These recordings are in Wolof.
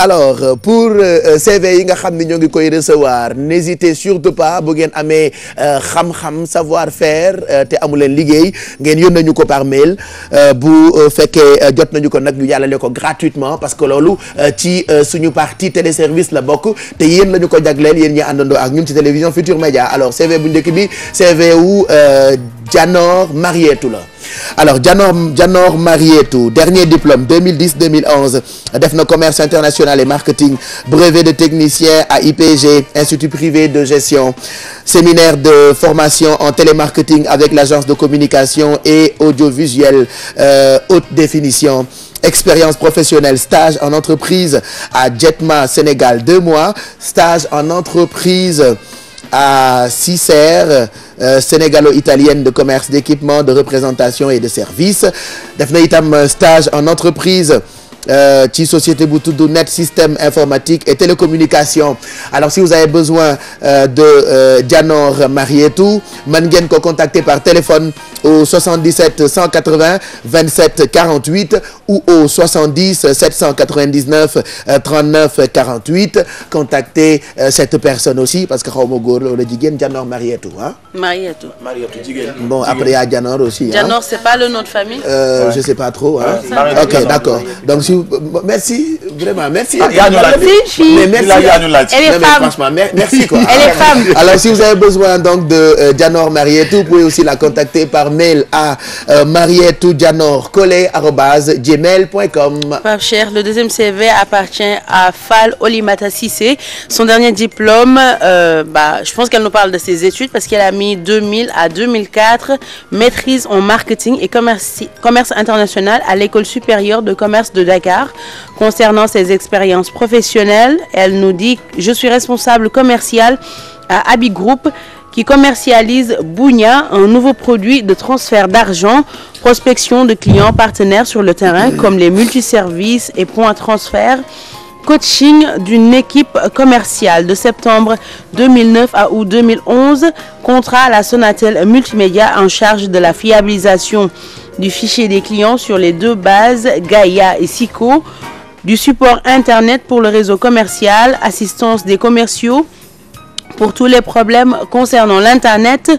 alors euh, pour euh, euh, CV yi nga xam ni ñoo ngi koy recevoir n'hésitez surtout pas bu ngeen amee xam-xam savoir-faire te amu leen liggéey ngeen yónnee nañu ko par mail bu fekkee jot nañu ko nag ñu jàllale ko gratuitement parce que loolu ci suñu partie téléservice la bokk te yéen la ñu ko jagleel yéen ñi àndandoo ak ñun ci télévision Futur Média alors CV bu njëkk bi CV wu Janor Marietou la. alors Janor Janor Marietou dernier diplôme 2010 2011 def na commerce international et marketing brevet de technicien à IPG institut privé de gestion séminaire de formation en télémarketing avec l'agence de communication et audiovisuel euh, haute définition expérience professionnelle stage en entreprise à Jetma Sénégal deux mois stage en entreprise à Cissère Euh, sénégalo-italienne de commerce d'équipement de représentation et de services def na itam euh, stage en entreprise Euh, ci société bu tudd net système informatique et télécommunication alors si euh, de euh, Dianor Marietou mën ngeen ko contacter par téléphone au 77 180 27 48 ou au 70 799 39 48 contactez cette personne aussi parce que xaw ma góor la wala jigéen Dianor Marietou ah. Marietou Marietou jigéen. si merci vraiment merci. ah yaa ñu laaj mais merci elle gmail com. Pape Cheikh le deuxième CV appartient à Fall Olimata Cissé son dernier diplôme euh, je pense qu'elle nous parle de ses études parce qu'elle a mis à 2004 maîtrise en marketing et commerce commerce à l'école supérieure de commerce de Dakar concernant ses expériences professionnelles. Elle nous dit Je suis responsable commercial à Abi un nouveau produit de transfert d'argent, prospection de clients partenaires sur le terrain comme les multiservices et points transfert coaching d'une équipe commerciale de septembre 2009 à août 2011, contrat à la Sonatel Multimédia en charge de la fiabilisation du fichier des clients sur les deux bases Gaïa et SICO. du support Internet pour le réseau commercial, assistance des commerciaux pour tous les problèmes concernant l'Internet,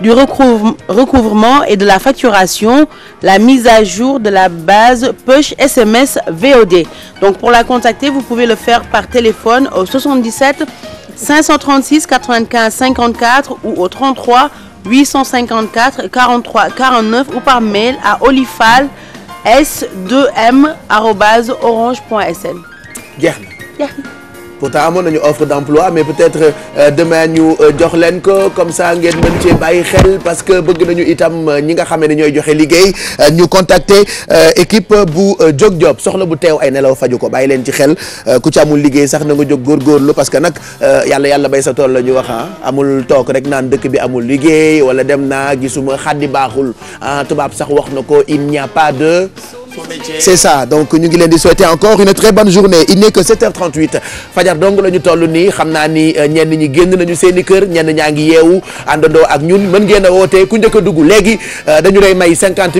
du recouvrement et de la facturation, la mise à jour de la base push SMS VOD. Donc pour la contacter, vous pouvez le faire par téléphone au 77 536 95 54 ou au 33 854 43 49 ou par mail à olifal.com s2m arobase orange point sn jeex pourtant amoon nañu offre d'emploi mais peut-être euh, demain ñu euh, jox leen ko comme ça ngeen mën cee bàyyi xel parce que bëgg nañu itam euh, ñi nga xamee ne ñooy joxe liggéey ñu contacter équipe bu jóg job soxla bu teew ay nelaw faju ko bàyyi leen ci xel ku ci amul liggéey sax na nga jóg góorgóorlu parce que nag yàlla yàlla bay sa tool la ñu wax ah amul toog rek naan dëkk bi amul liggéey wala dem naa gisuma xaddi baaxul ah tubaab sax wax na ko il n'y a pas de c'est ça donc ñu ngi leen di souhaiter encore une très bonne journée il n'est que 7h38 fajar dong la ñu toll xam naa ni euh, ñenn ñi génn nañu seen i kër ñenn ñaa ngi yeewu àndandoo ak ñun mën ngeen a wootee ku njëkk a dugg léegi euh, dañu lay may 50